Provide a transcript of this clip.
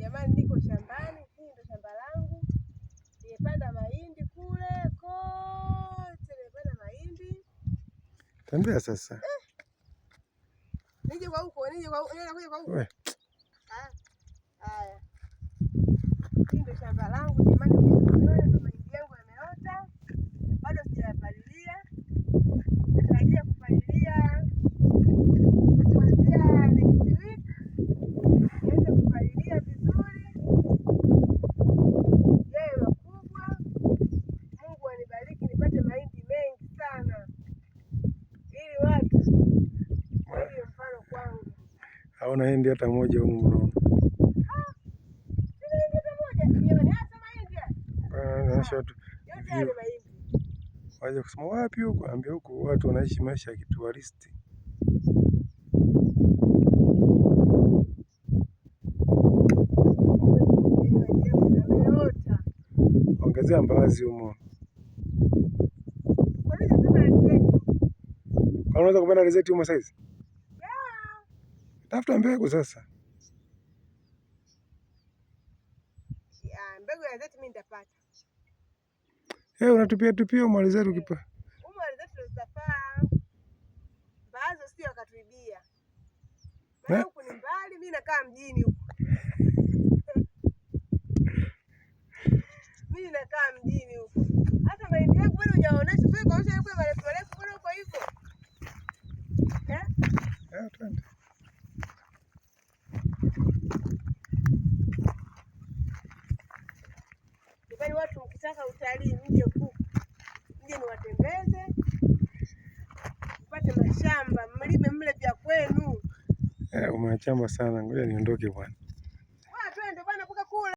Jamani, niko shambani, hii ndo shamba langu. Nimepanda mahindi kule kote, nimepanda mahindi. Tembea sasa eh. Nije kwa huko, nije kwa huko, nije kwa huko. Ah, haya, hii ndo shamba langu jamani. haona hindi hata moja humu, unaona ah, waje kusema wapi huku, ambia huku watu wanaishi maisha ya kituaristi. Ongezea mbaazi humo, unaweza kupanda alizeti humo saizi Tafuta mbegu sasa. Mbegu ya zeti mimi nitapata. Eh, unatupia tupia umalizeti ukipa. sio wakatuibia. huku ni mbali, nakaa mjini huku. Mimi nakaa mjini huku. Hata mahindi yangu bado hujaonesha, kwa marefu marefu bado huko Eh? twende. bali yaani watu mkitaka utalii mje huku, mje niwatembeze, mpate mashamba, mlime mle vya kwenu. Eh, umechamba sana, ngoja niondoke bwana.